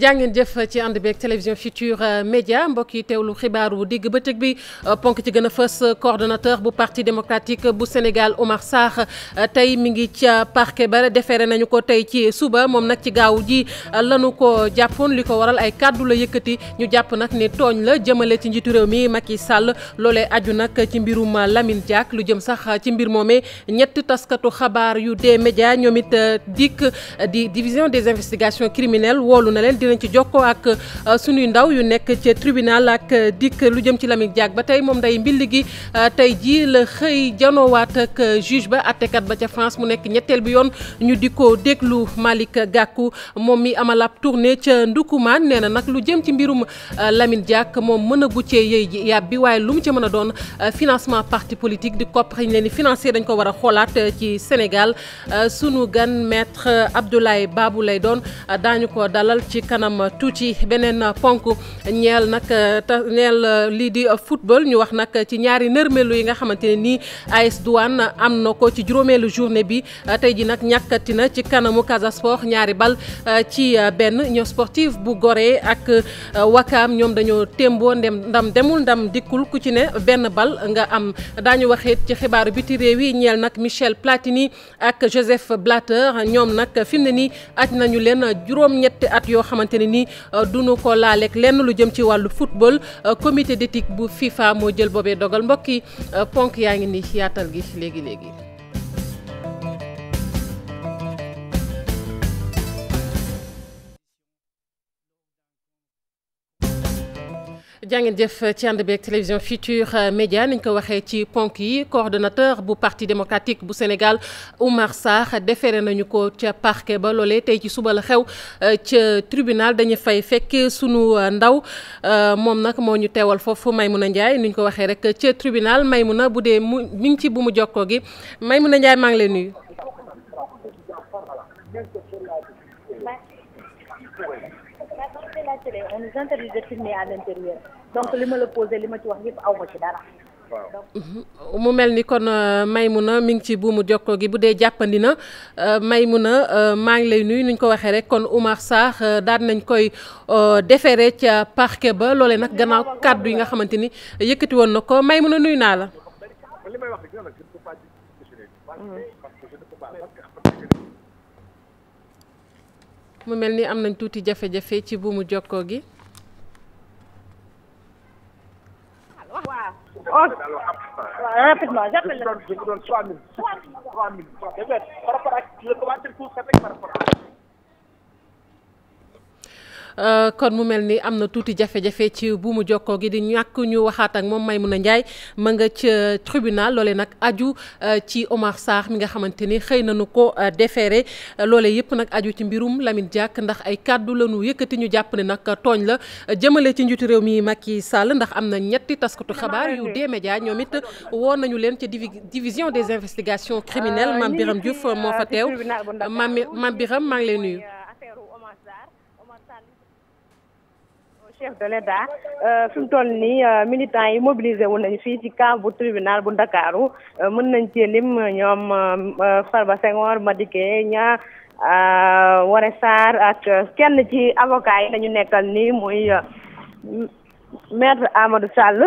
jàngeen jëf ci ànd beeg télévision Futurs Médias mbokk yi teewlu xibaaru digg bëccëg bi euh, ponk ci gën a fës coordinateur bu parti démocratique bu Sénégal Omar saax euh, tey mi ngi ca parquet ba defeere nañu ko tey ci suba moom nag ci gaaw ji euh, lanu ko jàppoon li ko waral ay kàddu la yëkkati ñu jàpp nag ni tooñ la jëmale ci njiitu réew mi yi sàll loole aju nag ci mbirum Lamine Diack lu jëm sax ci mbir moomee ñett taskatu xabaar yu dee média ñoom it dikk di division des investigations criminelles woolu na leen dinañ ci jokkoo ak euh, sunuy ndaw yu nekk ca tribunal ak euh, dikk lu jëm ci Lamine Diack ba tey moom day mbill gi euh, tey jii la xëy janoowaat ak juge ba attekat ba ca France mu nekk ñetteel bi yoon ñu di ko déglu Malick gàkku moom mi amal ab tournée ca Ndukumaan nee na nag lu jëm ci mbirum lamin Diack moom mën a guccee yëy ji yàbbi waaye lu mu ca mën a doon financement parti politique di kopp xëy leen ni financé dañ ko war a xoolaat ci Sénégal sunu gan maître Abdoulaye kanam tuuti beneen ponk ñeel nag ta ñeel uh, lii di football ñu wax nag ci ñaari nërmelu yi nga xamante ne nii AS Douane am na ko ci juróomeelu journée bi uh, tey ji nag ñàkkati na ci kanamu Casa ñaari bal uh, ci benn ñoo sportif bu gore ak Wakaam ñoom dañoo témboo ndem ndam demul ndam dikkul ku ci ne benn bal nga am daañu waxeet ci xibaaru biti réew yi ñeel nag Michel Platini ak Joseph Blatter ñoom nag fi mu ne nii nañu leen juróom-ñetti at yoo xamante xamante ne nii euh, duñu ko laaleeg lenn lu jëm ci wàllu football euh, comité d'éthique bu FIFA moo jël boobee dogal mbokk yi euh, ponk yaa ngi nii yaatal gi léegi léegi. jàngeen jëf ci ànd beeg télévision Future euh, Média niñ ko waxee ci ponk yi coordonnateur bu parti démocratique bu Sénégal Oumar saax defere nañu ko ca parquet ba loolee tey ci suba la xew euh, ca tribunal dañu fay fekk sunu euh, ndaw moom nag moo ñu teewal foofu may mun a njaay ñu ko waxee rek ca tribunal Maymouna bu dee mu mi ngi ci bu mu jokkoo gi Maymouna Ndiaye maa ngi leen nuyu. circuler on nous interdit li ma la posé li ma ci wax yëpp aw mhm. mu mel ni kon may euh, Maimouna mi ngi ci buumu jokkoo gi bu dee jàppandi na euh, Maimouna euh, maa ngi lay nuyu nuñ ko waxee rek kon Oumar saax daan nañ koy déféré ca parquet ba loole nag gannaaw kàddu yi nga xamante ni yëkkati woon na ko a nuyu naa la. mu mel ni am nañ tuuti jafe-jafe ci buumu jokkoo gi. Euh, kon mu mel ni am na tuuti jafe-jafe ci buumu mu jokkoo gi di ñàkk ñu waxaat ak moom may Maimouna Ndiaye ma nga ca tribunal loole nag aju euh, ci Omar Sarr mi nga xamante ni xëy na nu ko euh, déféré loole yëpp nag aju ci mbirum lamit jàkk ndax ay kàddu la nu yëkkati ñu jàpp ne nag tooñ la jëmale ci njiitu réew mi mag yi Sall ndax am na ñetti taskatu xabaar yu D-Média ñoom it woon nañu leen ci division des investigations criminelles Mame Biram Diouf moo fa teew Mame ngi lay nuyu chef de l'État euh, fi mu toll nii euh, militants yi mobilisé wu nañu fii ci camp bu tribunal bu Ndakaaru euh, mën nañ ci lim ñoom Farba Senghor Madické Niang Woré ak kenn ci avocat yi lañu nekkal nii muy maître Amadou Sall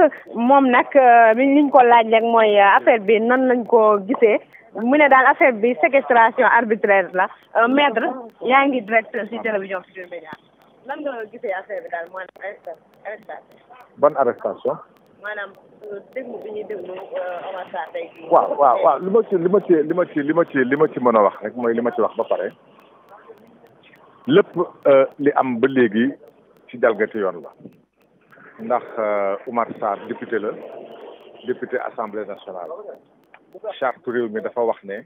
moom nag liñ ko laaj rek mooy affaire bi nan lañ ko gisee mu ne daal affaire bi séquestration arbitraire la maître yaa ngi direct ci télévision Futurs Médias lan nga gisee affaire arrestation. waaw waaw waaw li ma ci li ma ci li ma ci li ma ci li ma ci mën a wax rek mooy li ma ci wax ba pare lépp euh, li am ba léegi ci jalgati yoon la. ndax euh, Omar Sarr député la député assemblée nationale charte réew mi dafa wax ne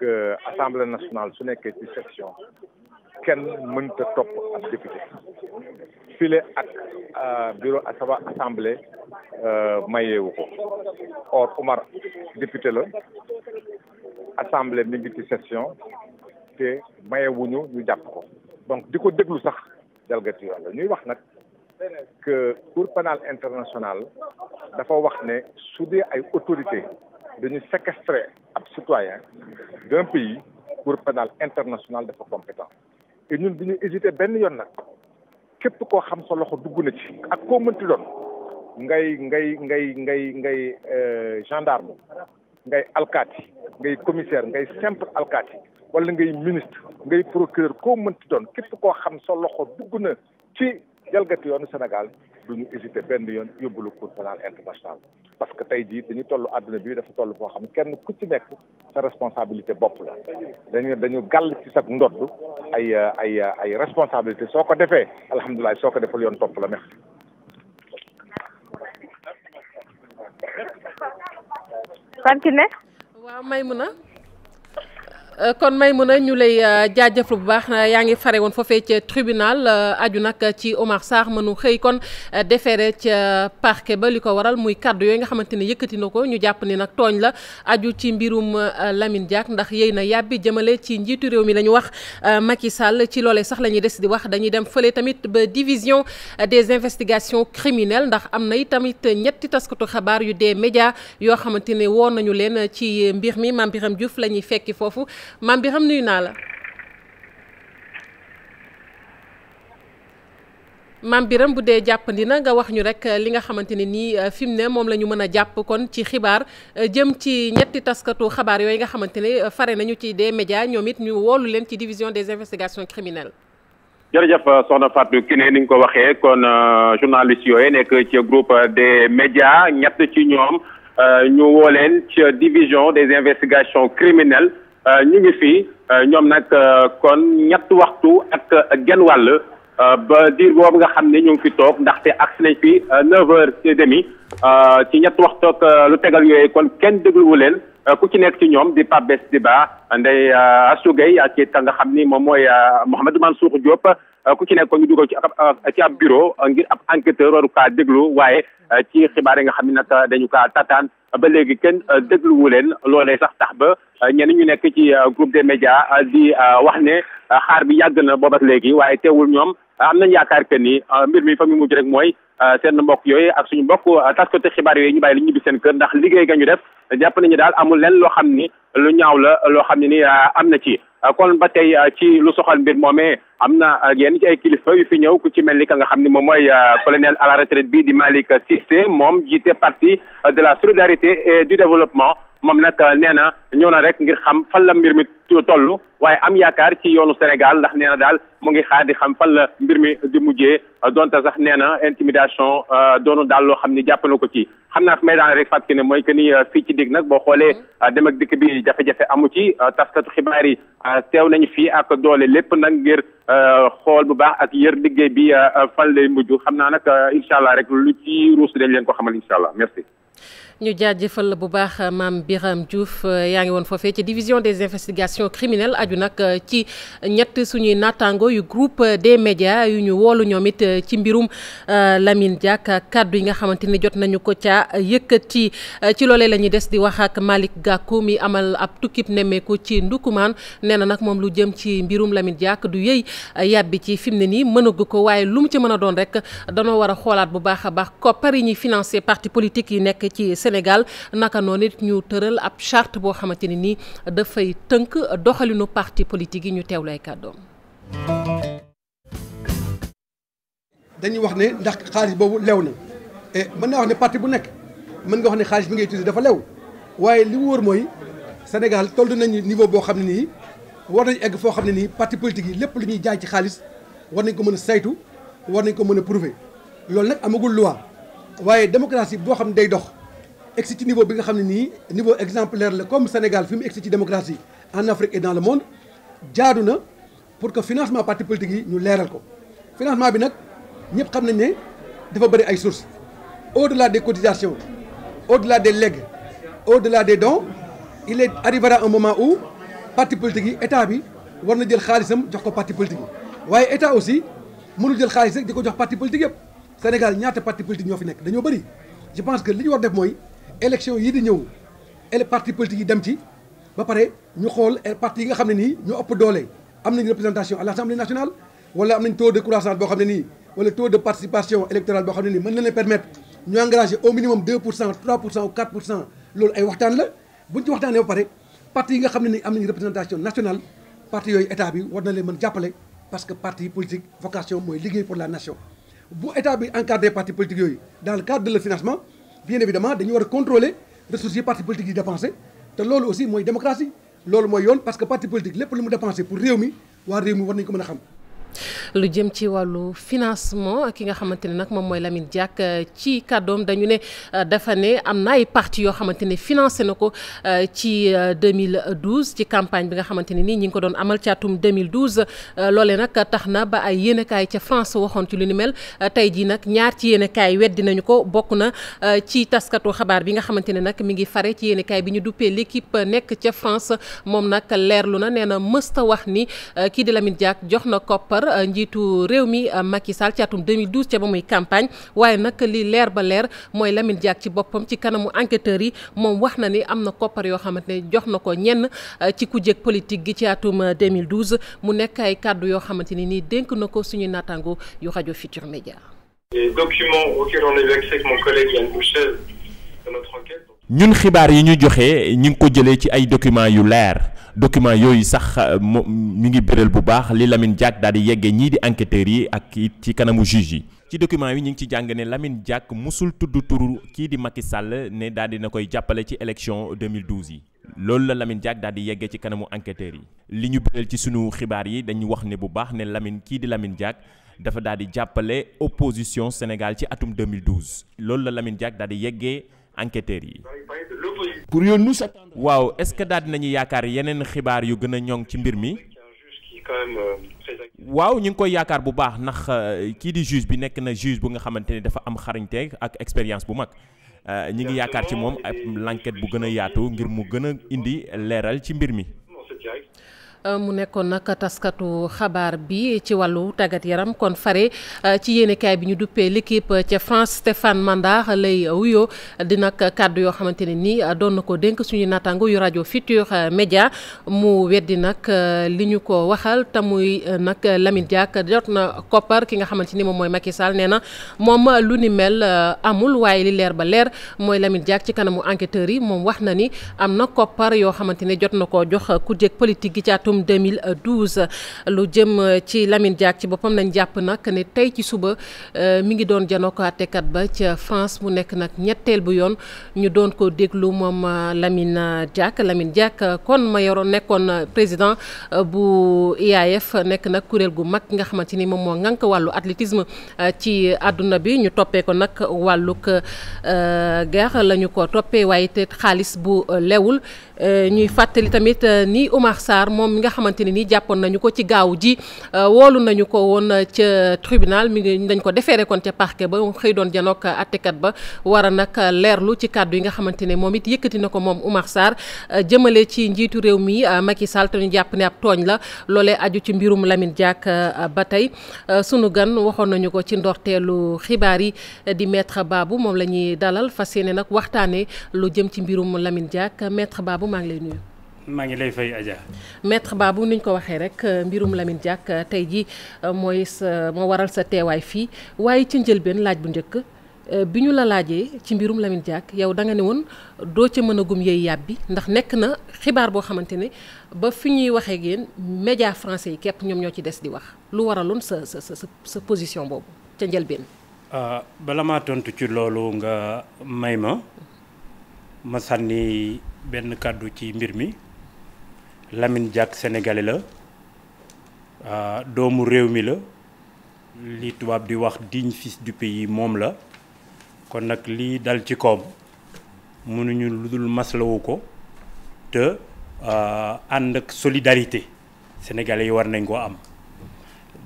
que assemblée nationale su nekkee ci section. kenn mënta topp ab député file ak euh, bureau asaba assemblée euh, mayeewu ko or Umar député la assemblée mi ngi ci session te mayewuñu ñu jàpp ko donc di ko déglu sax jalgati yoon la ñuy wax nag que cour pénale internationale dafa wax ne su dee ay autorité dañu séquestrer ab citoyen d'un pays cour pénale internationale dafa compétent et ñun du ñu hésité benn yoon nag képp koo xam sa loxo dugg na ci ak ko mënti doon ngay ngay ngay ngay ngay euh, gendarme ngay alkaati ngay commissaire ngay simple alkaati wala ngay ministre ngay procureur ko mënti doon képp koo xam sa loxo dugg na ci jalgati yoonu Sénégal du ñu hésité benn yoon yóbbu la cour pénale internationale parce que tey jii dañu tollu àdduna bi dafa tollu foo xam ne kenn ku ci nekk sa responsabilité bopp la dañu dañu gàll ci sa ndodd ay ay ay responsabilité soo ko defee alhamdulilah soo ko defal yoon topp la merci continué waaw Maymuna Euh, kon may a ñu lay euh, jaajëfal bu baax yaa ngi fare woon foofee ca tribunal euh, aju nag ci Omar Sarr mënu xëy kon déféré ca parquet ba li ko waral muy kàddu yooyu nga xamante ni yëkkati na ko ñu jàpp ni nag tooñ la aju ci mbirum lamin Diack ndax yéy na yàbbi jëmale ci njiitu réew mi la ñu wax Macky Sall ci loole sax la ñuy des di wax dañuy dem fële tamit ba division des investigations criminelles ndax am na tamit ñetti taskatu xabaar yu dee média yoo xamante ne woon nañu leen ci mbir mi Mame Birame Diouf la ñuy fekki foofu maam bi xam nuyu naa la maam biram bu dee jàppandi na nga wax ñu rek euh, li nga xamante ne nii euh, fi ne moom la ñu mën a jàpp kon ci xibaar euh, jëm ci ñetti taskatu xabaar yooyu nga xamante ne fare nañu ci dee médias ñoom it ñu woolu leen ci division des investigations criminelles. jërëjëf soxna Fatou Kiné ni nga ko waxee kon journaliste yooyu nekk ci groupe des média ñett ci ñoom ñu woo leen ci division des investigations criminelles. Euh, ñu ngi fi euh, ñoom nag euh, kon ñett waxtu ak genn wàll ba diir boobu nga xam ne ñu ngi fi toog ndaxte agsi nañ fi neuf heures demi ci ñett waxtu ak lu tegal yooyu kon kenn dégluwu leen ku ci nekk ci ñoom di Pape Bess Diba Ndeye Astou Gueye ak it nga xam ni moom mooy Mouhamadou Mansour Diop Euh, ku ci nekk ko ñu dugal ci euh, ci ab bureau euh, ngir ab enquêteur waru kaa déglu waaye ci xibaar yi nga xam ni nag dañu kaa tataan ba léegi kenn dégluwu leen loole sax tax ba ñenn ñu nekk ci groupe des médias di wax ne xaar bi yàgg na booba léegi waaye teewul ñoom am nañ yaakaar que ni mbir mi fa mu mujj rek mooy seen mbokk yooyu ak suñu mbokk taskati xibaar yooyu ñu bàyyi li ñibbi seen kër ndax liggéey ga ñu def jàpp nañu daal amul leen loo xam ni lu ñaaw la loo xam ne ni am na ci Ah, kon ba tey ah, ci lu soxal mbir moomee am na ah, yenn ci ay fi ñëw ku ci mel ni ka nga xam ni moom mooy colonel à la retraite bii di Malick Cissé moom jiite parti de la solidarité et du développement moom nag euh, nee na ñëw na rek ngir xam fan la mbir mi toll waaye am yaakaar ci yoonu Sénégal ndax nee daal mu ngi xaar di xam fan la mbir mi di mujjee euh, donte sax nee na intimidation euh, doonu daal loo xam ni jàpp na ko ci. xam naa fi may daan rek fàttali ne mooy que nii fii ci dig nag boo xoolee mm-hmm. dem ak dikk bi jafe-jafe amu ci taskatu xibaar yi teew nañu fii ak doole lépp nag ngir xool bu baax ak yër liggéey bi fan lay mujj xam naa nag incha allah rek lu ci ruus dañ leen ko xamal incha allah merci. ñu jaajëfal bu baax maam Birame Diouf euh, yaa ngi woon foofee ci division des investigations criminelles aju nag euh, ci ñett suñuy naataango yu groupe euh, des médias yu ñu woolu ñoom it ci mbirum Lamine jàkk kàddu yi nga xamante ni jot nañu ko ca yëkkati ci loole la ñuy des di wax ak Malick Gakou mi amal ab tukkib nemmeeku ci Ndukumaan nee na nag moom lu jëm ci mbirum lamin Diack du yëy yàbbi ci fi mu ne nii mënagu ko waaye lu mu ci mën a doon rek danoo war a xoolaat bu baax a baax koppar yi yi nekk ci Sénégal naka noonu it ñu tëral ab charte boo xamante ne ni dafay tënk doxalinu parti politique yi ñu teewlu ay kàddoom dañuy wax ne ndax xaalis boobu lew na et eh, mën naa wax ne parti bu nekk mën nga wax ne xaalis bi ngay tuddee dafa lew waaye li wóor mooy Sénégal toll nañu niveau boo xam ne nii war nañu egg foo xam ne nii parti politique yi lépp lu ñuy jaay ci xaalis war nañ ko mën a saytu war nañ ko mën a prouver loolu nag amagul loi waaye démocratie boo xam ne day dox egsi ci niveau bi nga xam ne nii niveau exemplaire la comme Sénégal fi mu egsi ci démocratie en Afrique et dans le monde jaadu na pour que financement parti politique yi ñu leeral ko financement bi nag ñëpp xam nañ ne dafa bëri ay sources au delà cotisation cotisations au la de legs au la des dons il est arrivera un moment où parti politique yi état bi war na jël xaalisam jox ko parti politique yi waaye état aussi mënul jël xaalis rek di ko jox parti politique yëpp ñaata parti ñoo fi nekk dañoo bëri je pense que li ñu war def mooy élection yi di ñëw ele parti politique yi dem ci ba pare ñu xool eh, parti yi nga xam ne nii ñu ëpp doole am nañ représentation à l'Assemblée nationale wala am nañ taux de croissance boo xam ne nii wala taux de participation électorale boo xam ne nii mën na leen permettre ñu engagé au minimum 2 pour cent 3 pour cent ou 4 loolu ay waxtaan la buñ ci waxtaanee ba pare parti yi nga xam ne nii am nañ représentation nationale parti yooyu état bi war na leen mën jàppale parce que parti politique vocation mooy liggéey pour la nation bu état bi encadré parti politique yooyu dans bien évidemment dañu war a contrôler ressources yi parti politique yi dépensé te loolu aussi mooy démocratie loolu mooy yoon parce que parti politique lépp lu mu pour réew mi waa réew mi war nañu ko mën a xam lu jëm ci wàllu financement ki nga xamante ne nag moom mooy Lamine jàkk euh, ci kàddoom dañu ne euh, dafa ne am na ay parti yoo xamante ne financé na ko euh, ci 2012 ci campagne bi nga xamante ne nii ñi ngi ko doon amal ci atum 2012 loole nag tax na ba ay yéenekaay ca France waxoon ci lu ni mel tey jii nag ñaar ci yéenekaay weddi nañu ko bokk na ci taskatu xabaar bi nga xamante ne nag mi ngi fare ci yéenekaay bi ñu duppee l'équipe nekk ca France moom nag leerlu na nee na mësta wax ni kii di Lamine Diack jox na koppar Euh, njiitu réew mi euh, Macky Sall ci atum 2012 ca ba muy campagne waaye nag li leer ba leer mooy Lamine Diack ci boppam ci kanamu enquêteurs yi moom wax na ni am na koppar yoo xamante ne jox na ko ñenn euh, ci kujjeeg politique gi ci atum 2012 mu nekk ay kàddu yoo xamante ni nii dénk na ko suñu naataango yu rajo Futur Média. ñun xibaar yi ñu joxe ñu ngi ko jëlee ci ay documents yu leer documents yooyu sax euh, mu ngi béral bu baax li lamin Diack daal di yeggee ñii di enqueter yi ak it ci kanamu juge yi. ci documents yi ñu ngi ci jàng ne Lamine Diack musul tudd turu kii di Macky Sall ne daal di na koy jàppale ci élection 2012 yi. loolu la lamin Diack daal di yeggee ci kanamu enquêteurs yi. li ñu béral ci suñu xibaar yi dañu wax ne bu baax ne lamin kii di lamin Diack. dafa daal di jàppale opposition Sénégal ci atum 2012 loolu la Lamine Diack di yeggee enquêteurs yi. pour yoon nous attendre. waaw est-ce que daal dinañu yaakaar yeneen xibaar yu gën a ñoŋ ci mbir mi. waaw ñu ngi koy yaakaar bu baax ndax euh, kii di juge bi nekk na juge bu nga xamante ne dafa am xarañte ak expérience bu mag euh, ñu ngi yaakaar ci moom ab l'enquête bu gën a yaatu ngir mu gën a indi leeral ci mbir mi. Euh, mu nekkoon nag taskatu xabaar bi ci wàllu tàggat yaram kon fare euh, ci yéenekaay bi ñu duppee l'équipe euh, ca France Stéphane Manda lay wuyoo di nag kàddu yoo xamante ne nii doon na ko dénk suñu naataango yu rajo Futurs Médias mu weddi nag li ñu ko waxal te muy nag Lamine Diack jot na koppar ki nga xamante ni moom mooy Macky Sall nee na moom lu ni mel amul waaye li leer ba leer mooy Lamine Diack ci kanamu enquêteurs yi moom wax na ni am na koppar yoo xamante ne jot na atum 2012 lu jëm euh, ci Lamine Diack ci boppam nañ jàpp nag ni tey ci suba euh, mu ngi doon janoo ko àttekat ba ca France bu nekk nag ñetteel bu yoon ñu doon ko déglu moom euh, Lamine Diack Lamine Diack kon ma yoroon nekkoon président bu IAAF nekk nag kuréel gu mag nga xamante ni moom moo ngank wàllu athlétisme ci àdduna bi ñu toppee ko nag wàllug gar la ko toppee waaye te xaalis bu lewul Euh, ñuy fàttali tamit euh, nii Oumar Sarr moom mi nga xamante ne nii jàppoon nañu ko ci gaaw ji euh, woolu nañu ko woon ca tribunal mi ngi dañ ko defeere kon ca parquet ba xëy doon janook attekat ba war a nag leerlu ci kàddu yi nga xamante ne moom it yëkkati na ko moom Oumar Sarr jëmale ci njiitu réew mi Macky Sall te ñu jàpp ne ab tooñ la loole aju ci mbirum lamin Diack ba tey sunu gan waxoon nañu ko ci ndorteelu xibaar yi di maître Babou moom la ñuy dalal fas yéene nag waxtaanee lu jëm ci mbirum Lamine Diack Babou maa ngi lay nuyu. maa ngi lay fay Adja. maître Babou ni ñu ko waxee rek euh, mbirum Lamine jàkk euh, tey jii euh, mooy sa moo waral sa teewaay fii waaye ci njëlbeen laaj bu njëkk bi ñu la laajee ci mbirum Lamine Diack yow danga ne woon doo ca mën a gum yey yàbbi ndax nekk na xibaar boo xamante ne ba fi ñuy waxee ak yéen francais français yi képp ñoom ñoo ci des di wax lu waraloon sa sa sa sa position boobu ca njëlbeen. Ah, bala ci loolu nga may ma ma sànni. benn kàddu ci mbir mi Lamine Diack sénégalais la ah, doomu réew mi la li tubaab di wax digne fis du pays moom la kon nag li dal ci koom mënuñu lu dul maslawu ko te ah, ànd ak solidarité sénégalais yi war nañ koo am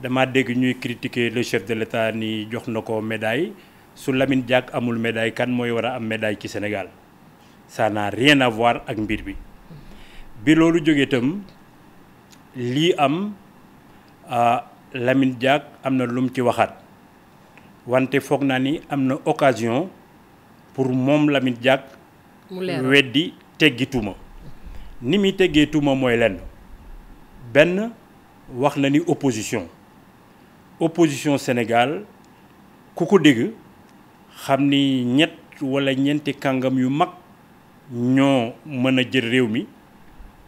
dama dégg ñuy critiquer le chef de l'État ni jox na ko médaille su lamin Diack amul médaille kan mooy war a am médaille ci Sénégal ça n'a rien ak mbir bi bi loolu jógee itam lii am ah, Lamine Diack am na lum ci waxaat wante foog naa ni am na occasion pour moom Lamine Diack weddi teggi tuuma ni muy teggee tuuma mooy lenn benn wax na ni opposition opposition Sénégal ku ko dégg xam ni ñett wala ñeenti kàngam yu mag ñoo mën a jël réew mi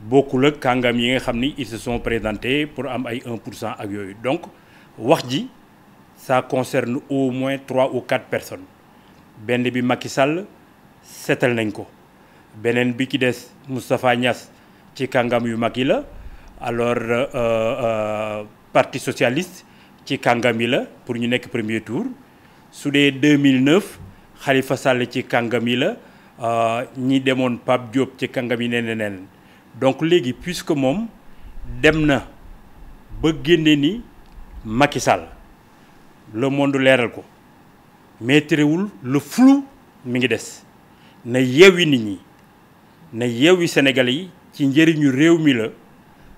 bokkul ak kàngam yi nga xam ni ils se sont présentés pour am ay 1 pour cent ak yooyu donc wax ji ça concerne au moins trois ou quatre personnes benn bi mag yi Sall seetal nañ ko beneen bi ki des Moustapha Niass ci kàngam yu mag yi la alors euh, euh parti socialiste ci kàngam yi la pour ñu nekk premier tour su dee 2009 Khalifa Sall ci kàngam yi la. Euh, ñi demoon Pape Diop ci kàngam yi nee donc léegi puisque moom dem na ba génne ni Macky Sall le monde leeral ko mais terewul le flou mi ngi des na yeewi nit ñi na yeewi Sénégalais yi ci njëriñu réew mi la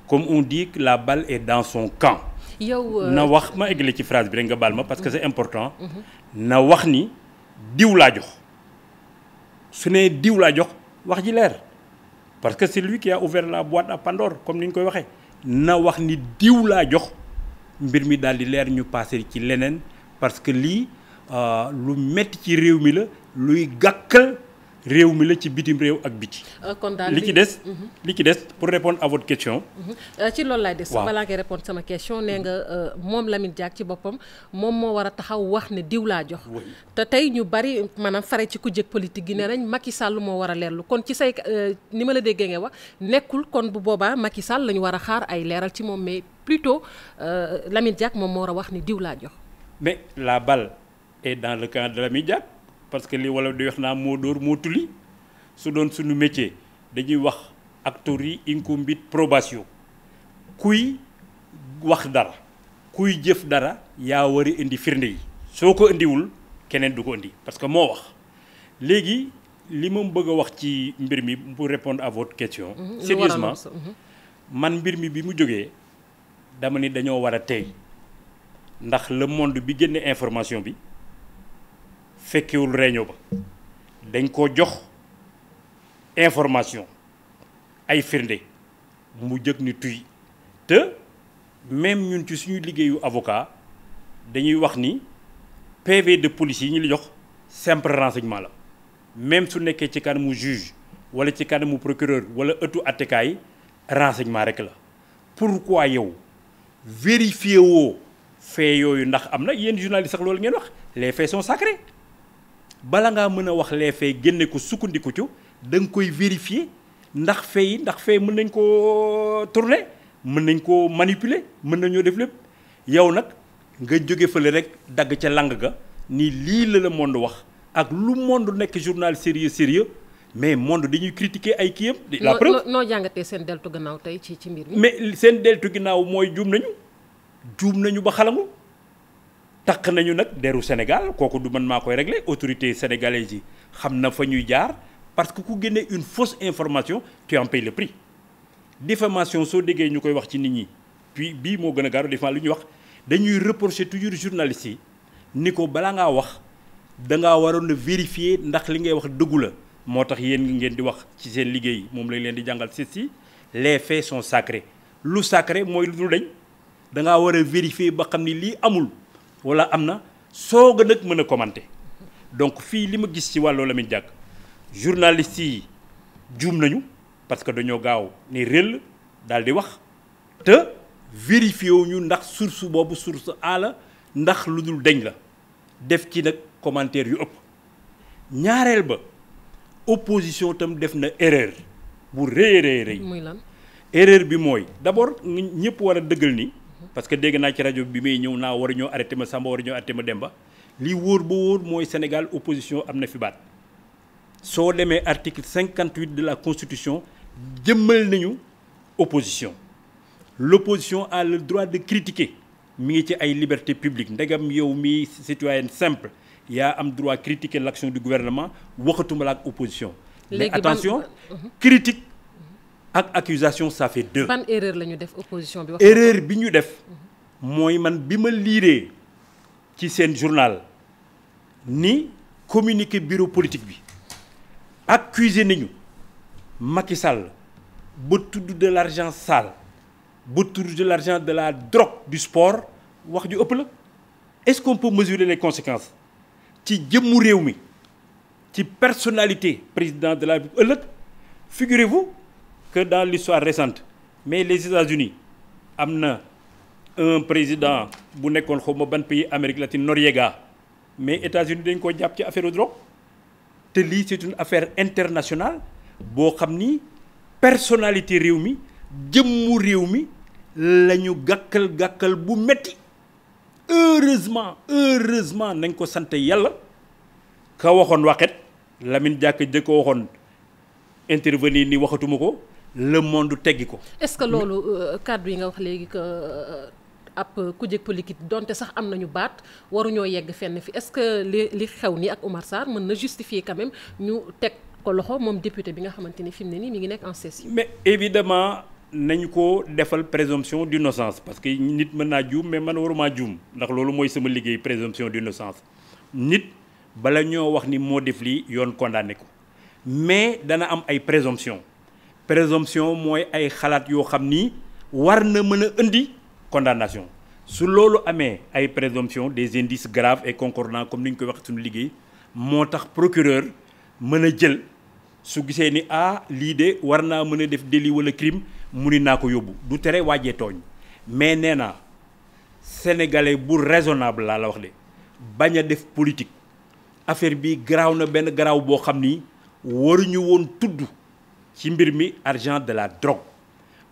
comme on dit la balle est dans son camp. yow euh, na wax ma eggale ci phrase bi rek nga baal ma parce que c'est important. Mhm. na wax ni diw laa jox. su nee diw laa jox wax ji leer parce que c'est lui qui a ouvert la boîte à Pandore comme ni ñu koy waxee na wax ni diw laa jox mbir mi daal di leer ñu paase ci leneen parce que lii euh, lu metti ci réew mi la luy gàkkal réew mi la ci bitim réew ak biti. Euh, kon daal li ci des. li ci des pour répondre à votre question. Mm-hmm. Euh, ci loolu laay des. waaw balaa ngay répondre sama question nee nga euh, moom Lamine Diack ci boppam moom moo war a taxaw wax ne diw laa jox. te tey ñu bari maanaam faree ci ku jëkk politique gi ne nañ Macky Sall moo war a leerlu kon ci say ni ma la déggee nga wax nekkul kon bu boobaa Macky Sall la ñu war a xaar ay leeral ci moom mais plutôt Lamine Diack moom moo war a wax ni diw laa jox. mais dans le camp parce que li wala di wax naa moo dóor moo tuli su doon suñu métier dañuy wax actori incumbit probatio kuy wax dara kuy jëf dara yaa war a indi firnde yi soo ko indiwul keneen du ko indi parce que moo wax léegi li ma bëgg a wax ci mbir mi pour répondre à votre question mhm, sérieusement mhm. man mbir mi bi mu jógee dama ni dañoo war a tey ndax la monde bi génne information bi fekkiwul réunion ba dañ ko jox information ay firnde mu jëg ni tuy te même ñun ci suñu liggéeyu avocat dañuy wax ni PV de police yi ñu la jox simple renseignement la même su nekkee ci kanamu juge wala ci kanamu procureur wala ëttu attekaay renseignement rek la pourquoi yow vérifier woo fee yooyu ndax am na yéen journaliste sax loolu ngeen wax les faits sont sacrés bala ngaa mën a wax les faits génne ko sukkandiku co da nga koy vérifier ndax faits yi ndax faits mën nañ koo tourner mën nañ koo manipuler mën nañoo def lépp yow nag nga jóge fële rek dagg ca lang ga nii lii la la monde wax ak lu monde nekk journal sérieux sérieux mais monde dañuy critiquer ay kii yam la preuve noo jàngatee seen deltu gannaaw tey ci ci mbir mi mais seen deltu ginnaaw mooy juum nañu juum nañu ba xalangu taq nañu nag deru Sénégal kooku du man maa koy régler autorité sénégalaise yi xam na fa ñuy jaar parce que ku génnee une fausse information tu en payes le prix diffamation soo déggee ñu koy wax ci nit ñi puis bii moo gën a gaaru défend lu ñuy wax dañuy reprocher toujours journalistes yi ni ko balaa ngaa wax dangaa waroon a vérifier ndax li ngay wax dëggu la moo tax yéen ngeen di wax ci seen liggéey moom lañ leen di jàngal si si les faits sont lu sacré mooy lu dañ dangaa war a vérifier ba xam ni lii amul wala am na soog a nag mën a commenter donc fii li ma gis ci wàllu Lamine Diack journaliste yi juum nañu parce que dañoo gaaw ni réel daal di wax te vérifié wu ñu ndax source boobu source A la ndax lu dul deñ la def ci nag commentaire yu ëpp ñaareel ba opposition itam def na erreur bu rëy rëy rëy. muy lan bi mooy d'abord ñëpp war a dëggal ni. parce que dégg naa ci rajo bi may ñëw naa war a ñoo arrêté ma Samba war a ñoo arrêté ma Demba li wóor ba wóor mooy Sénégal opposition am na fi baat soo demee article 58 de la constitution jëmmal nañu opposition l'opposition a le droit de critiquer mu ngi ci ay liberté publique ndegam yow mi citoyen simple yaa am droit critiquer l'action du gouvernement waxatuma la ak opposition mais attention uh-huh. critique ak accusation ça fait deux. ban la ñu def opposition bi. wax erreur bi ñu def mooy man bi ma liiree ci seen journal ni communiqué bureau politique bi accusé nañu Macky Sall ba tudd de l'argent sale ba tudd de l'argent de la drogue du sport wax ju ëpp la est-ce qu'on peut mesurer les conséquences ci jëmmu réew mi ci personnalité président de la République ëllëg figurez-vous. que dans l'histoire récente mais les États-Unis am na un président bu nekkoon xaw ma ban pays Amérique latine Noriega mais États-Unis dañ koo jàpp ci affaire drogue te lii c'est une affaire internationale boo xam ni personnalité réew mi jëmmu réew mi lañu ñu gàkkal gàkkal bu metti heureusement heureusement nañ ko sant yàlla ka waxoon waxet Lamine jàkk jëkk waxoon intervenir ni waxatuma ko le monde teggi ko. est-ce que loolu euh, kàddu yi nga wax léegi que euh, ab kujje politique donte sax am na ñu baat waruñoo yegg fenn fi est-ce que li li xew nii ak Omar Sarr mën na justifier quand ñu teg ko loxo moom député bi nga xamante ni fi mu ne nii mi ngi nekk en session. mais évidement nañu ko defal présomption d'innocence parce que nit mën naa juum mais man waruma juum ndax loolu mooy sama liggéey présomption d'innocence nit bala ñoo wax ni moo def lii yoon condamné ko mais dana am ay présomption présomption mooy ay xalaat yoo xam ni war na mën a indi condamnation su loolu amee ay présomption des indices graves et concordants comme ni ñu koy waxee suñu liggéey moo tax procureur mën a jël su gisee ni ah lii de war naa mën a def délit wala crime mu ni naa ko yóbbu du tere waajee tooñ mais nee naa sénégalais bu raisonnable laa la wax de bañ a def politique affaire bi garaaw na benn garaaw boo xam ni waruñu woon tudd ci mbir mi argent de la drogue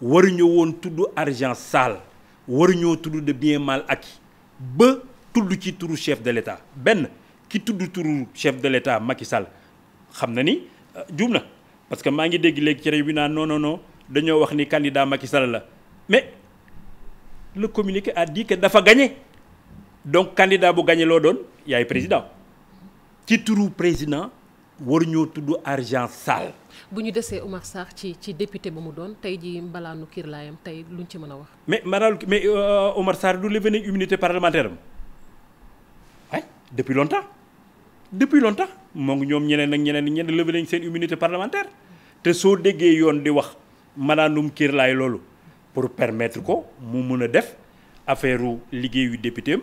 waruñu woon tudd argent sale waruñoo tudd de bien mal acquis ba tudd ci turu chef de l'État benn ki tudd turu chef de l'État Macky Sall xam na ni euh, juum na parce que maa ngi dégg léegi ci rajo bi naan non non dañoo wax ni candidat Macky Sall la mais le communiqué a dit dafa gagné donc candidat bu gagné loo doon yaay président ci turu président. war waruñoo tudd argent sale. bu ñu desee Oumar Sarr ci ci député ba mu doon tey jii mbalaanu kiir laayam tey luñ ci mën a wax. mais maanaam mais euh, Oumar Sarr du lever nañ immunité parlementaire depuis longtemps depuis longtemps moom ñoom ñeneen ak ñeneen ñeneen lever nañ seen immunité parlementaire te soo déggee yoon di wax maanaam kiir laay loolu pour permettre ko mu mun a def affaire liggéeyu député am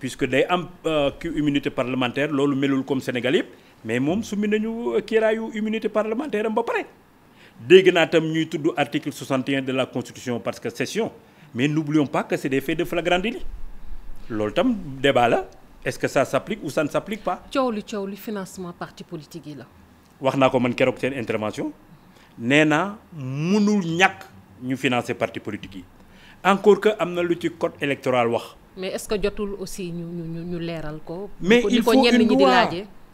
puisque day am euh, immunité parlementaire loolu melul comme Sénégal yëpp. mais moom summi nañu kiiraayu immunité parlementaire am ba pare dégg naa tam ñuy tudd article 61 de la constitution parce que session mais n'oublions pas que c'est des faits de flagrant loolu tam débat la est-ce que ça s'applique ou ça ne s'applique pas. coow li coow li financement parti politique yi la. wax naa ko man keroog seen intervention nee naa mënul ñàkk ñu financer parti politique yi encore que am na lu ci code électoral wax. mais est-ce que jotul aussi ñu ñu ñu leeral ko. mais il faut une loi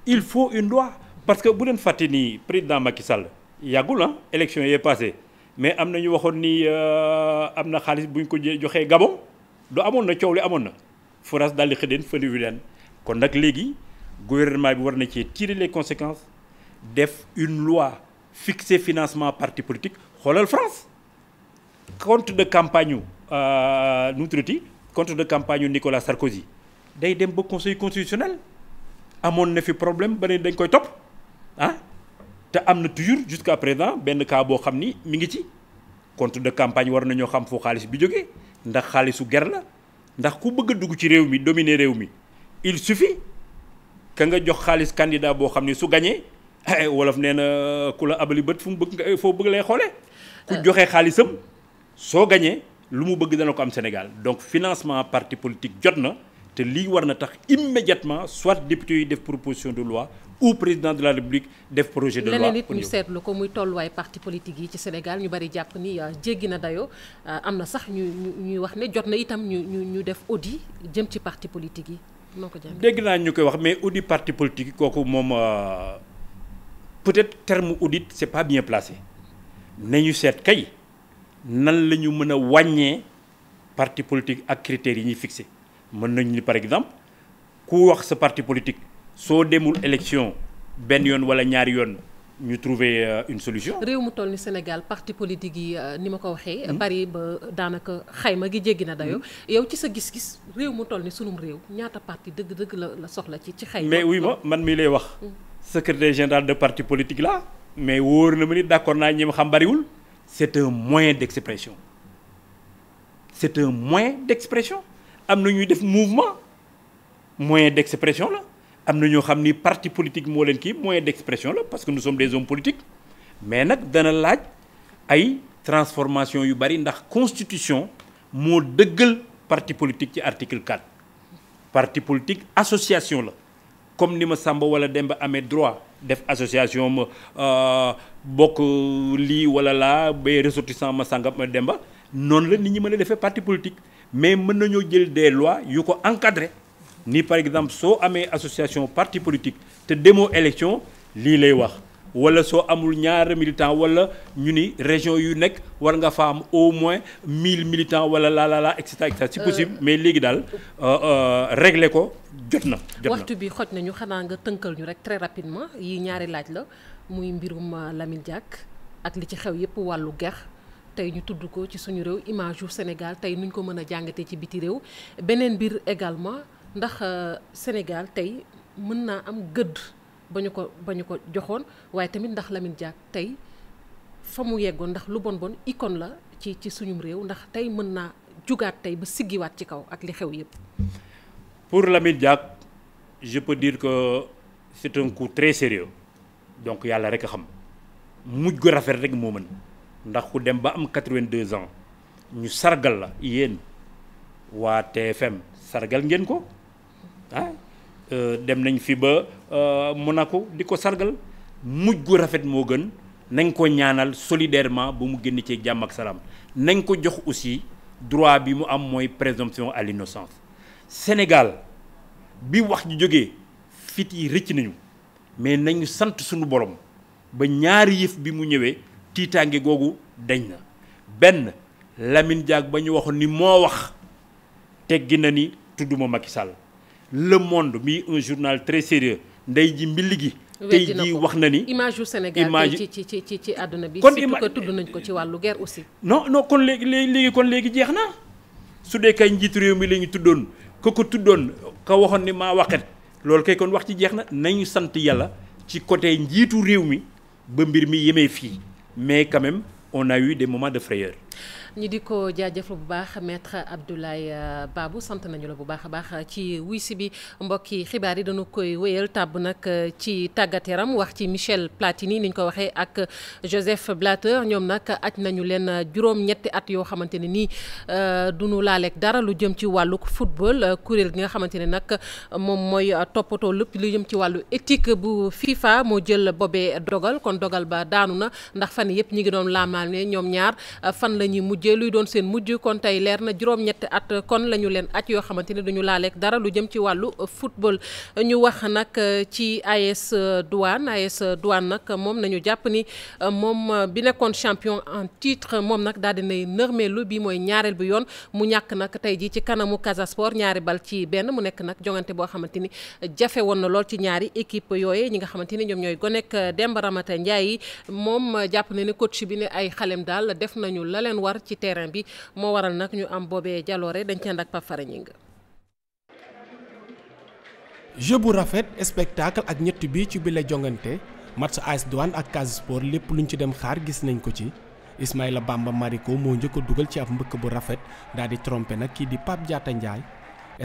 il faut une loi parce que bu leen fàtte nii président Macky Sall yàggul ah élection yee passé mais am na ñu waxoon ni euh, am na xaalis bu ñu ko joxee Gabon du amoon na coow li amoon na forage daal di xëddeen fëndiwu kon nag léegi gouvernement bi war na cee tirer les conséquences def une loi fixer financement parti politique xoolal France compte de campagne yu euh, nu mu tuddati compte de campagne yu Nicolas Sarkozy day dem ba conseil constitutionnel. amoon na fi problème ba ne dañ koy topp ah te am na toujours jusqu'à présent benn kaa boo xam ni mi ngi ci compte de campagne war nañoo xam foo xaalis bi jógee ndax xaalisu ger la ndax ku bëgg a dugg ci réew mi dominer réew mi il suffit ka nga jox xaalis candidat boo xam ni su gañee eh, wolof nee na ku la abali bët fu mu bëgg nga eh, foo bëgg lay xoolee. ku euh. joxe xaalisam soo gañee lu mu bëgg dana ko am Sénégal donc financement parti politique jot na. te lii war na tax immédiatement soit député yi def proposition de loi ou président de la république def projet de loi leneen it ñu seetlu ko muy toll tolluwaay parti politique yi ci Sénégal ñu bari jàpp ni euh, jéggi na dayoo euh, am na sax ñu ñuy wax ne jot na itam ñu ñu def audit jëm ci parti politique yi noo ko dégg naa ñu koy wax mais audi parti politique kooku moom euh, peut-être terme audit c'est pas bien placé ñu seet kay nan la ñu mën a wàññee parti politique ak critères yi ñuy fixé mën nañu ni par exemple ku wax sa parti politique soo demul élection benn yoon wala ñaari yoon ñu trouver euh, une solution. réew mu toll ni Sénégal parti politique yi euh, ni ma ko waxee. bari hmm. ba daanaka xayma gi jéggi na dayoo. Hmm. yow ci sa gis-gis réew mu toll ni sunum réew ñaata parti dëgg-dëgg la soxla ci ci xayma. mais ma man mii lay wax. Hmm. secrétaire général de parti politique la mais wóor na ma ni d'accord naa ñi ma xam bariwul. c'est un moyen d'expression c'est un moyen d'expression. am na ñuy def mouvement moyen d'expression la am na ñoo xam ni parti politique moo leen kii moyen d'expression la parce que nous sommes des hommes politiques mais nag dana laaj ay transformation yu bari ndax constitution moo dëggal parti politique ci article 4 parti politique association la comme ni ma Samba wala Demba amee droit def association ma euh, bokk lii wala laa bay ressortissant ma sàngam ma Demba noonu la nit ñi mën a defee parti politique mais mën nañoo jël des lois yu ko encadré ni par exemple soo amee association parti politique te demoo élection lii lay wax wala soo amul ñaari militant wala ñu ni région yu nekk war nga fa am au moins mille militants wala la la la et si euh, possible mais léegi daal euh, euh, régler ko jot na. jot na waxtu bi xoj nañu xanaa nga tënkal ñu rek très rapidement yi ñaari laaj la muy mbirum Lamine Diack ak li ci xew yépp wàllu ger tey ñu tudd ko ci suñu réew image wu Sénégal tey nuñ ko mën a jàngatee ci biti réew beneen mbir également ndax euh, Sénégal tey mën naa am gëdd ba ñu ko ba ñu ko joxoon waaye tamit ndax Lamine Diack tey fa mu yeggoon ndax lu bon bon icône la ci ci suñum réew ndax tey mën naa jugaat tey ba siggiwaat ci kaw ak li xew yépp pour Lamine Diack je peut dire que c'est un coup très sérieux donc yàlla rek a xam mujj gu rafet rek moo mën ndax ku dem ba am 82 ans ñu sargal la yéen waa TFM sargal ngeen ko ah euh, dem nañ fi ba ko euh, di ko sargal mujj gu rafet moo gën nañ ko ñaanal solidairement ba mu génne ci jàmm ak salaam nañ ko jox aussi droit bi mu am mooy présomption à l'innocence Sénégal bi wax ju jógee fit yi rëcc nañu mais nañu sant suñu borom ba ñaari yëf bi mu ñëwee tiitaange googu dañ na benn Lamine jaag ba ñu waxoon ni moo wax teggi na ni tudduma Macky Sall le monde mi un journal très sérieux ndey ji mbilli gi tey jii wax na ni image yu Sénégal ci ci ci ci àdduna bi kon tudd nañ ko ci wàllu guerre aussi non non kon léegi léegi kon léegi jeex na su dee njiitu réew mi la ñu tuddoon tuddoon ka waxoon ni maa waxet loolu kay kon wax ci jeex na nañu sant yàlla ci côté njiitu réew mi ba mbir mi yemee fii mais quand même on a eu des moments de frayeur ñu di ko jaajëfal bu baax maître Abdoulaye euh, baabu sant nañu la bu baax a baax ci wuy si bi mbokki xibaar yi dañu koy wéyal tàbb nag euh, ci tàggat yaram wax ci Michel Platini ni ñu ko waxee ak Joseph Blatter ñoom nag aj nañu leen juróom-ñetti at yoo xamante ne nii euh, du nu laaleeg dara lu jëm ci wàllu football kuréel gi nga xamante ne nag moom mooy toppatoo lépp lu jëm ci wàllu éthique bu FIFA moo jël boobee dogal kon dogal ba daanu na ndax fan yëpp ñi ngi doon la mujjee luy doon seen mujj kon tey leer na juróom-ñetti at kon la ñu leen at yoo xamante ne laa lekk dara lu jëm ci wàllu football ñu wax nag euh, ci AS duwaan AS duwaan nag moom nañu jàpp ni euh, moom euh, bi nekkoon champion en titre moom nag daal dinay nërmeelu bi mooy ñaareel bi yoon mu ñàkk nag tey ji ci kanamu Casa ñaari bal ci benn mu nekk nag jongante boo xamante ni jafe na lool ci ñaari équipe yooye ñi nga xamante ni ñoom ñooy gonek Demba Ramata Ndiaye moom jàpp na ne coach bi ne ay xalem daal def nañu la leen war ci terrain bi moo waral nag ñu am boobee jaloore dañ ci ànd ak Pape bu rafet spectacle ak ñett bi ci bile jongante match AS Douane ak Casa Sport lépp luñ ci dem xaar gis nañ ko ci Ismaïla Bamba Mariko moo njëkk dugal ci ab mbëkk bu rafet daal di trompé nag kii di Pape Diatta Ndiaye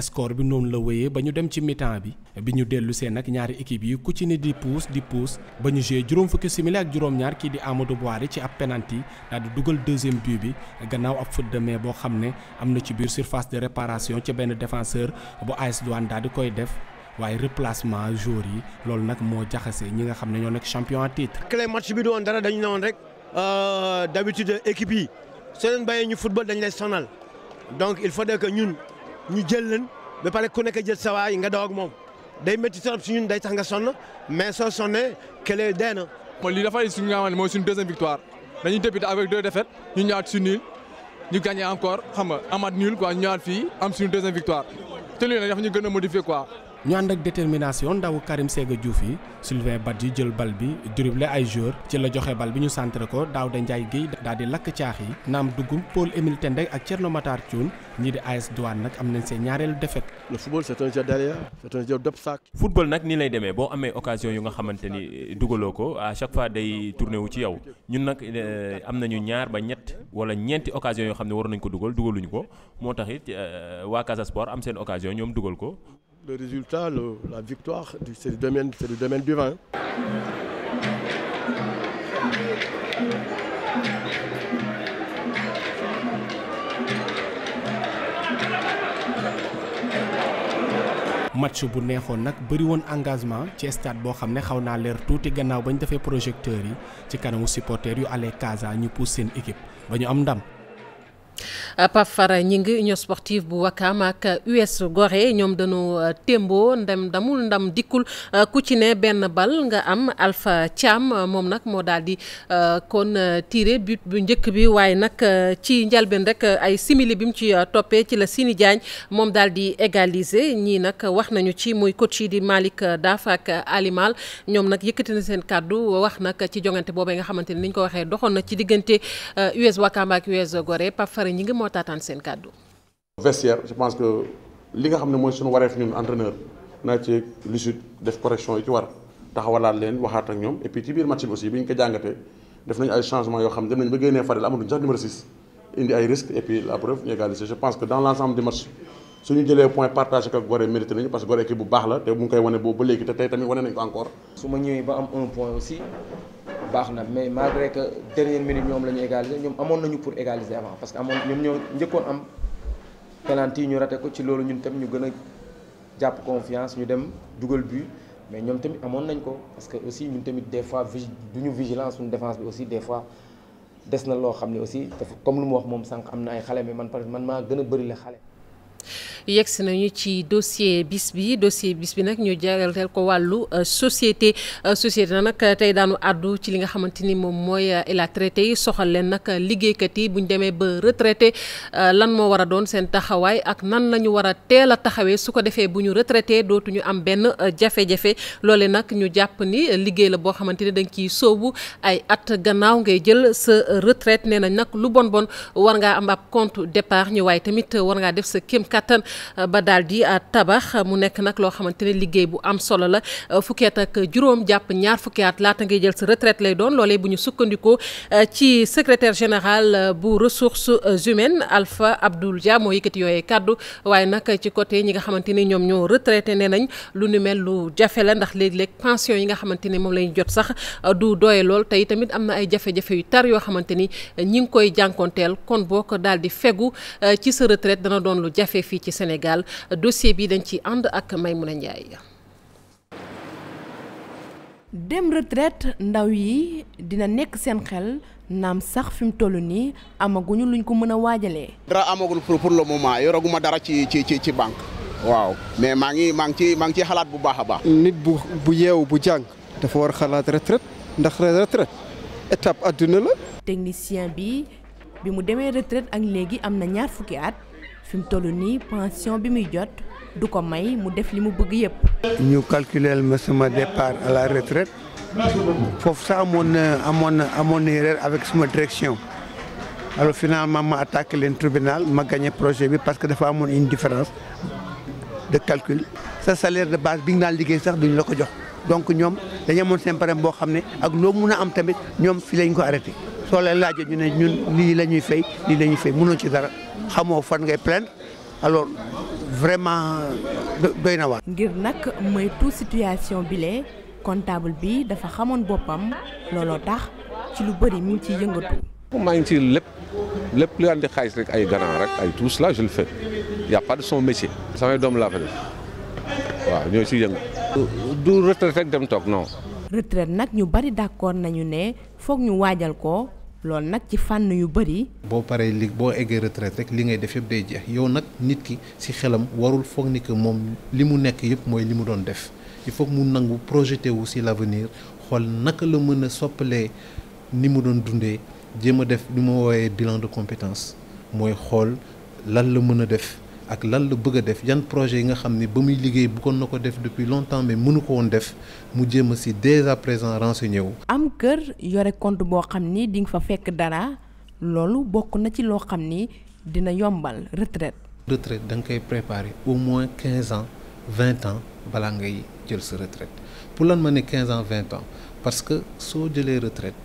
score bi noonu la wéyee ba ñu dem ci mi-temps bi bi ñu dellu see nag ñaari équipe yi ku ci ne di puus di puus ba ñu joué juróom fukki simili ak juróom-ñaar kii di Amadou Bouhari ci ab penalty daal di dugal deuxième but bi gannaaw ab faute de main boo xam ne am na ci biir surface de réparation ci benn défenseur bu AS Douanes daal di koy def. waaye replacement joueurs yi loolu nag moo jaxase ñi nga xam ne ñoo nekk champion à titre. clé match bi doon dara dañu ne woon rek euh, d'habitude équipe yi soo leen ñu jël leen ba pare ku nekk jël sa waay nga daw ak moom day métti trop si ñun day tax nga sonn mais soo sonnee kële dee na. mooy lii dafay suñu nga moo ne mooy suñu deuxième victoire dañuy débuté avec deux défaites ñu ñëwaat si nul ñu gagné encore xam nga amaat nul quoi ñu ñëwaat fii am suñu deuxième victoire te lii nag dafa ñu gën a modifié quoi. ñu ànd ak détermination ndaw Karim Séga Diouf yi Sylvain Badji jël bal bi dribblé ay jour ci la joxe bal bi ñu centré ko Daouda Ndiaye Guèye daal di lakk caax yi naam duggum Paul Émile Tendeng ak Thierno Matar Thioune ñii di AS Douanes nag am nañ seen ñaareelu défaite. le football c'est un jeu derrière, c'est un nag ni lay demee boo amee occasion yu nga xamante ni eh, dugaloo ko à chaque fois day tourné wu ci yow ñun nag eh, am nañu ñaar ba ñett wala ñeenti occasion yoo xam ne waroon nañ ko dugal dugaluñu ko moo tax it eh, waa Casa Sport am seen occasion ñoom dugal ko. le résultat, la victoire, c'est le, domaine, le domaine du vin. match bu neexoon nag bëri woon engagement ci stade boo xam ne xaw naa leer tuuti gannaaw ba ñu defee projecteurs yi ci kanamu supporters yu ale Casa ñu pousse seen équipe ba ñu am ndam. Pape Fara Gningue union sportive bu Wakam ak US Gorée ñoom dañu euh, témboo ndam damul ndam dikkul euh, ku ci ne benn bal nga am Alpha Thiam euh, moom nag moo daal di kon tiré but bu njëkk bi waaye nag ci njalbeen rek ay simili bi mu ci toppee ci la Sini Diagne moom daal di égaliser ñii nag wax nañu ci mooy coach yi di Malick Daaf ak Alimal ñoom nag yëkkati na seen kàddu wax nag ci jongante boobee nga xamante ni ñu ko waxee doxoon na ci diggante US Wakam ak US Gorée Pape Fara moo taataan seen kàddu. vestiaire je pense que li nga xam ne mooy suñu wareef ñun entraîneur naa ci lucide def correction yi ci war taxawalaat leen waxaat ak ñoom et puis ci biir match bi aussi bi ñu ko jàngatee def nañu ay changement yoo xam dem nañu ba génnee Fadel amatuñu sax numéro 6 indi ay risques et puis ñu égaliser je pense que dans l' du match. suñu jëlee point partagé ko Gorée mérité nañu parce que Gorée équipe bu baax la te mu ngi koy wane boobu ba léegi te tey tamit wane nañ ko encore su ma ñëwee ba am un point aussi baax na mais malgré que dernière minute ñoom la ñu égaliser ñoom amoon nañu pour égaliser avant parce que amoon ñoom ñoo njëkkoon am penalty yi ñu raté ko ci loolu ñun tam ñu gën a jàpp confiance ñu dem dugal but mais ñoom tamit amoon nañ ko parce que aussi ñun tamit des fois vigi duñu vigilance suñu défense bi aussi des fois des na loo xam ne aussi dafa comme lu mu wax moom sànq am na ay xale mais man par man maa gën a bëri yegg si nañu ci dossier bis bi dossier bis bi nag ñu jagleel ko wàllu euh, société euh, société nag tey daanu àddu ci li nga xamante ni moom mooy ila euh, traité yi soxal leen nag liggéeykat yi bu ñu demee ba retraité lan moo war a doon seen taxawaay ak nan la ñu war a teel a taxawee su ko defee bu ñu retraité dootuñu am benn jafe-jafe loole nag ñu jàpp ni liggéey la boo xamante ni dañ ciy sóobu ay at gannaaw ngay jël sa retraite nee nañ nag lu bon bon war ngaa am ab compte départ ñu tamit war ngaa def sa kéem kattan Euh, ba daal di euh, tabax euh, mu nekk nag loo xamante ne liggéey bu am solo la fukki ak juróom jàpp ñaar fukki at laata ngay jël sa retraite lay doon loolee bu ñu sukkandikoo ci secretaire général bu ressources humaines Alpha Abdoul Dia moo yëkkati yooyee kàddu waaye nag ci côté ñi nga xamante ni ñoom ñoo retraité nee nañ lu ni mel lu jafe la ndax léeg-léeg pension yi nga xamante ni moom lañu jot sax du doye lool tey tamit am na ay jafe-jafe yu tar yoo xamante ni ñi ngi koy jànkonteel ko Sénégal dossier bi dañ ci ànd ak Maymouna Ndiaye. dem retraite ndaw yi dina nekk seen xel naam sax fi mu toll nii amaguñu luñ ko mën a waajalee. dara amagul pour pour le moment yoraguma dara ci ci ci ci banque. waaw mais maa ngi maa ngi ci maa ngi ci xalaat bu baax a baax. nit bu bu yeewu bu jàng dafa war xalaat retraite ndax retraite étape adduna la. technicien bi bi mu demee retraite ak léegi am na ñaar fukki at. fi mu toll nii pension bi muy jot du ko may mu def li mu bëgg yépp ñu calculer ma suma départ à la retraite foofu sax amoon na amoon na amoon avec suma direction alors finalement ma attaqué leen tribunal ma gagné projet bi parce que dafa amoon une différence de calcule sa salaire de base bi nga daal liggéey sax duñ la ko jox donc ñoom dañu amoon seen problème boo xam ne ak loo mun a am tamit ñoom fii lañ ko arrêté soo leen laajee ñu ne ñun lii la ñuy fay lii la ñuy fay ci dara. xamoo fan ngay plaindre alors vraiment doy na waar. ngir nag moytu situation bile kontable bi dafa xamoon boppam looloo tax ci lu bëri mu ngi ciy yëngatu. maa ngi ci lépp lépp lu andi xaalis rek ay ganaar rek ay tout cela je le fais y a pas de samay doom laa fa def waaw ñoo ci yëngu. du retraite rek dem toog non. retraite nag ñu bari d'accord nañu ne foog ñu waajal ko. lool nag ci fànn yu bëri. boo paree li boo eggee retraite rek li ngay def yëpp day jeex yow nag nit ki ci xelam warul foog ni que moom li mu nekk yëpp mooy li mu doon def il faut mu nangu projeté wu ci l'avenir xool naka la mën a soppalee ni mu doon dundee jéem a def li ma wooyee bilan de compétence mooy xool lan la mën a def. ak lan la bëgg a def yan projet yi nga xam ne ba muy liggéey buggoon na ko def depuis longtemps mais mënu ko woon def mu jéem a si dès à présent renseigné wu. am kër yore compte boo xam ni di nga fa fekk dara loolu bokk na ci loo xam ni dina yombal retraite. retraite da nga koy préparer au moins quinze ans vingt ans balaa ngay jël sa retraite pour lan ma ne quinze ans vingt ans parce que soo jëlee retraite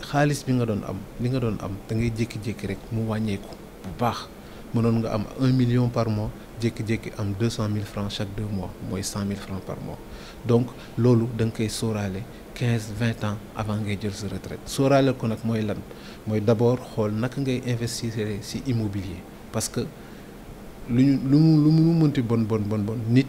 xaalis bi nga doon am li nga doon am da ngay jékki-jékki rek mu wàññeeku bu baax. mënoon nga am un million par mois jékki-jékki am deux cent mille francs chaque deux mois mooy cent mille francs par mois donc loolu danga koy sóoraale quinze vingt ans avant ngay jël sa retraite sóoraale ko nag mooy lan mooy d'abord xool naka ngay investir ci immobilier parce que lu ñu lu mu lu mu mënti bon bon bon bon nit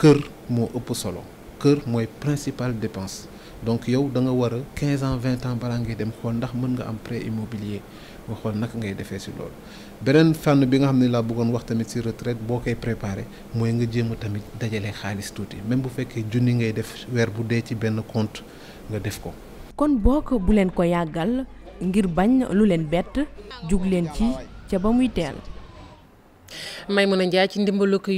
kër moo ëpp solo kër mooy principale dépense donc yow da nga war a quinze ans vingt ans balaa ngay dem xool ndax mën nga am prêt immobilier nga xool naka ngay defee ci loolu beneen fànn bi nga xam ne laa bëggoon wax tamit ci retraite boo koy préparer mooy nga jéem tamit dajale xaalis tuuti même bu fekkee junni ngay def weer bu dee ci benn compte nga def ko. kon bokk bu leen ko yàggal ngir bañ lu leen bett jug leen ci ca ba muy teel. may Maimouna Ndiaye ci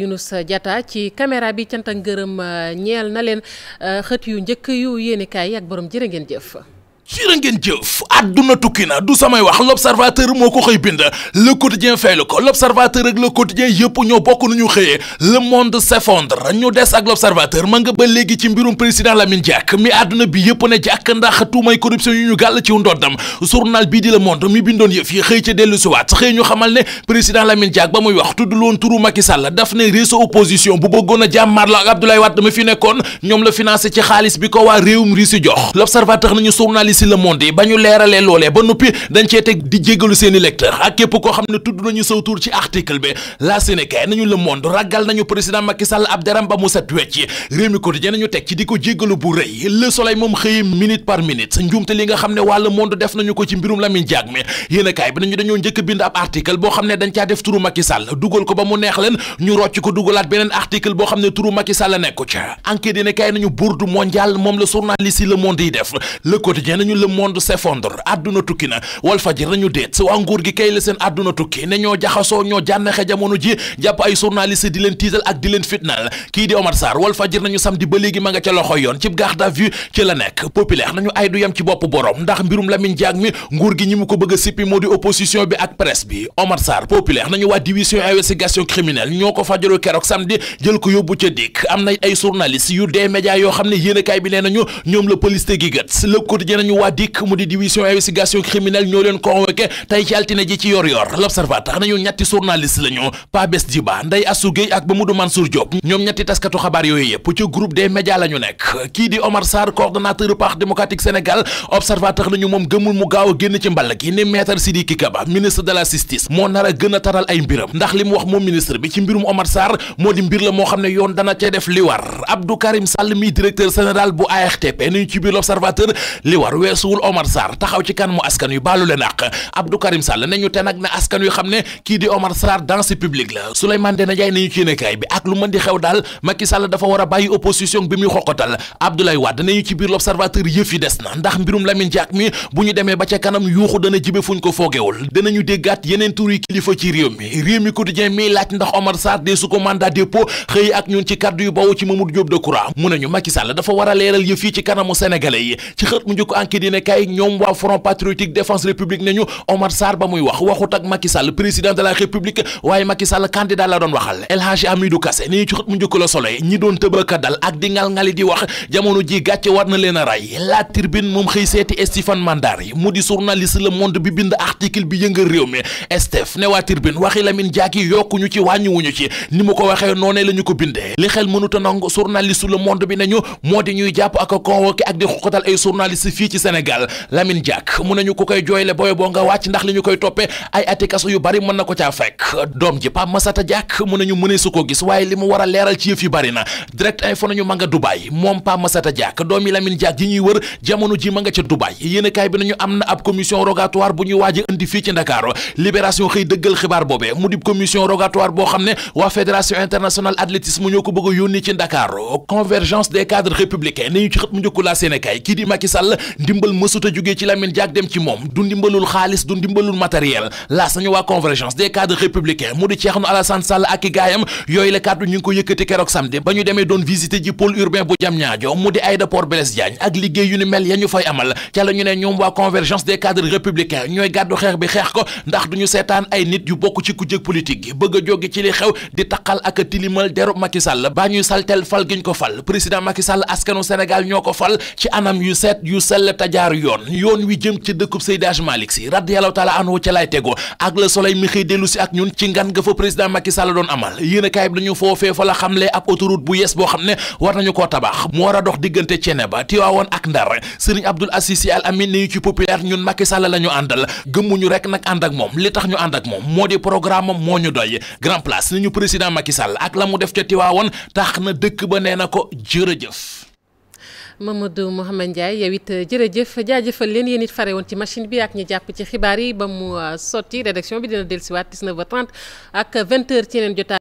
yu nu sa jata ci caméra bi cant ak ngërëm ñeel na leen euh, xët yu njëkk yu yéenekaay yi ak borom jëre ngeen jëf. jërë ngeen jëf àdduna tukki na du samay wax l'observateur moo ko xëy bind le quotidien faylu ko l'observateur ak le quotidien yëpp ñoo bokk nu ñu xëyee le monde s'effondre ñu des ak l'observateur ma ba léegi ci mbirum président Lamine Diack mi àdduna bi yëpp ne jàkk ndax tuumay corruption yu ñu gàll ci ndoddam journal bii di le monde mi bindoon yëf yi xëy ca dellu siwaat xëy ñu xamal ne président Lamine Diack ba muy wax tuddul woon turu Macky Sall daf ne la fi nekkoon ñoom la bi ko ci le monde yi ba ñu leeralee loolee ba noppi dañ cee teg di jégalu seen i lecteur ak képp koo xam ne tudd nañu saw tur ci article bi la Sénégal nañu le monde ragal nañu président Macky Sall ab deram ba mu set wecc ci réew mi quotidien nañu teg ci di ko jégalu bu rëy le soleil moom xëy minute par minute njuumte li nga xam ne wàllu monde def nañu ko ci mbirum Lamine Diack mi yéenekaay bi nañu dañoo njëkk bind ab article boo xam ne dañ caa def turu Macky Sall dugal ko ba mu neex leen ñu rocc ko dugalaat beneen article boo xam ne turu Macky Sall nekku ca enquête yéenekaay nañu mondial moom la journaliste yi le monde yi def le nañu le monde s'effondre àdduna tukki na Walfadjri nañu déet waa nguur gi kay la seen àdduna tukki ne ñoo jaxasoo ñoo jànnexe jamono ji jàpp ay journaliste di leen tiisal ak di leen fitnal kii di Omar Sarr Walfadjri nañu samedi ba léegi ma nga ca loxo yoon ci garde à vue ci la nekk populaire nañu ay du yam ci bopp borom ndax mbirum Lamine Diack mi nguur gi ñi mu ko bëgg sippi moo di opposition bi ak presse bi Omar Sarr populaire nañu waa division nañu waa dikk mu di division investigation criminelle ñoo leen convoqué tey ci altine ji ci yor yor l'observateur nañu ñetti journaliste la ñu Pabes Diba Ndeye Assou Gueye ak Mamadou Mansour Diop ñoom ñetti taskatu xabaar yooyu yëpp ci groupe des médias la nekk kii di Omar Sarr coordonnateur parti démocratique Sénégal observateur nañu moom gëmul mu gaaw a génn ci mbàll gi ni maître Sidiki Kaba ministre de la justice moo nar a gën a taral ay mbiram li mu wax moom ministre bi ci mbirum Omar Sarr moo di yoon dana cee def li war Abdou weesuwul Omar Sarr taxaw ci kanamu askan yu baalu leen àq Abdou Karim Sall ne ñu te nag ne askan yu xam ne kii di Omar Sarr dansé public la Souleymane Ndéné Ndiaye nañu ci yéenekaay bi ak lu mën di xew daal Macky Sall dafa war a bàyyi opposition bi muy xoqatal Abdoulaye Wade nañu ci biir l'Observateur yi des na ndax mbirum Lamine Diack ba ca kanam yuuxu dana jibe fuñ ko foogewul danañu déggaat yeneen tur kilifa ci réew mi réew mi quotidien mi laaj ndax Omar Sarr dee su ko ci kaddu yu bawoo ci Mamadou Diop Decroix mu nañu Macky Sall dafa war a leeral yëf yi ci kanamu sénégalais yi ci xët mu njëkk enquête dina kay ñoom waa front patriotique défense république nañu Omar Sarr ba muy wax waxut ak Macky président de la république waaye Macky Sall la doon waxal El Hadji Amidou Kassé ni ci xët mu njëkk la soloy ñi doon tëbaka dal ak di ngal-ngali di wax jamono ji gàcce war na leen ray la tribune moom xëy seeti Stéphane Mandari mu di journaliste Le Monde bi bind article bi yëngal réew mi Steph ne waa tribune waxi Lamine Diack yi yokkuñu ci wàññiwuñu Sénégal Lamine Diack mun nañu ko koy jooyle booy nga wàcc ndax li ñu koy toppee ay ati kaso yu bari mën na ko caa fekk doom ji Pape Massata Diack mun nañu mënee su ko gis waaye li mu war a leeral ci yëf yi bari na direct info nañu ma nga Dubaay moom Pape Massata Diack doomi Lamine Diack yi ñuy wër jamono ji ma nga ca Dubaay yéenekaay bi nañu am na ab commission rogatoire bu ñuy waaj a indi fii ci Ndakaaru Libération xëy dëggal xibaar boobee mu dib commission rogatoire boo xam ne waa Fédération internationale athlétisme ñoo ko di Macky ndimbal mësut a jógee ci Lamine Diack dem ci moom du ndimbalul xaalis du ndimbalul matériel la sañu waa convergence des cadres i gaayam yooyu la kàddu ñu ngi ko yëkkati keroog samedi ba ñu demee doon seetaan ay nit yu bokk ci kujje politique gi bëgg jóge ci li xew di taqal ak a tilimal derub Macky baa ñuy saltel fal giñ ko fal président Macky askanu Sénégal ñoo ko fal ci anam yu seet yu sell te jaar yoon yoon wi jëm ci dëkku Seydi Hadji si Sy radiyallahu taala anhu ca lay tegoo ak Le Soleil mi xëy dellu si ak ñun ci ngan nga fa président Macky Sall doon amal yéen a kaay bi dañu foofee fa la xamle ab autoroute bu yes boo xam ne war nañu koo tabax mu war a dox diggante Thiénaba Tivaouane ak Ndar Serigne Abdoul Aziz Sy Al Amine ni ñu ci populaire ñun Macky Sall la ñu àndal gëmmuñu rek nag ànd ak moom li tax ñu ànd ak moom moo di programme am moo ñu doy grand ñu président Macky Sall ak la mu def ca Tivaouane tax na dëkk ba nee na ko jërëjëf Mamadou Mouhamed Ndiaye yow it euh, jërëjëf jaajëfal leen yéen it fare woon ci machine bi ak ñi jàpp ci xibaar yi ba mu euh, sotti rédaction bi dina dellusiwaat 19h30 ak 20 eur ci yeneen jotaa